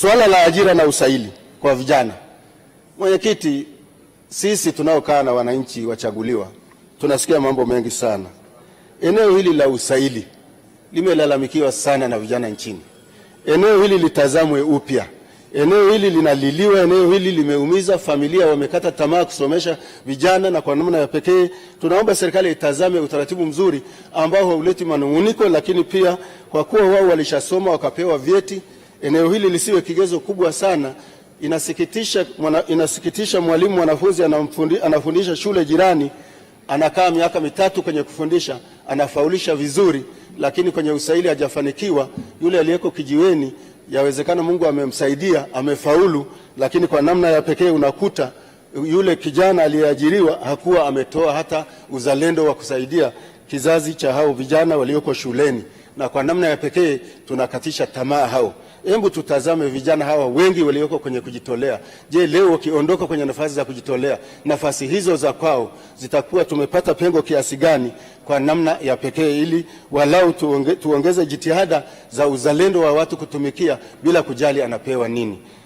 Suala la ajira na usaili kwa vijana, mwenyekiti, sisi tunaokaa na wananchi wachaguliwa tunasikia mambo mengi sana. Eneo hili la usaili limelalamikiwa sana na vijana nchini. Eneo hili litazamwe upya, eneo hili linaliliwa, eneo hili limeumiza familia, wamekata tamaa kusomesha vijana, na kwa namna ya pekee tunaomba serikali itazame utaratibu mzuri ambao hauleti manung'uniko, lakini pia kwa kuwa wao walishasoma wakapewa vyeti eneo hili lisiwe kigezo kubwa sana. Inasikitisha, mwana, inasikitisha mwalimu mwanafunzi anafundisha shule jirani, anakaa miaka mitatu kwenye kufundisha, anafaulisha vizuri, lakini kwenye usaili hajafanikiwa. Yule aliyeko kijiweni, yawezekana Mungu amemsaidia amefaulu, lakini kwa namna ya pekee unakuta yule kijana aliyeajiriwa hakuwa ametoa hata uzalendo wa kusaidia kizazi cha hao vijana walioko shuleni, na kwa namna ya pekee tunakatisha tamaa hao. Hebu tutazame vijana hawa wengi walioko kwenye kujitolea. Je, leo wakiondoka kwenye nafasi za kujitolea, nafasi hizo za kwao zitakuwa tumepata pengo kiasi gani kwa namna ya pekee, ili walau tuongeze jitihada za uzalendo wa watu kutumikia bila kujali anapewa nini.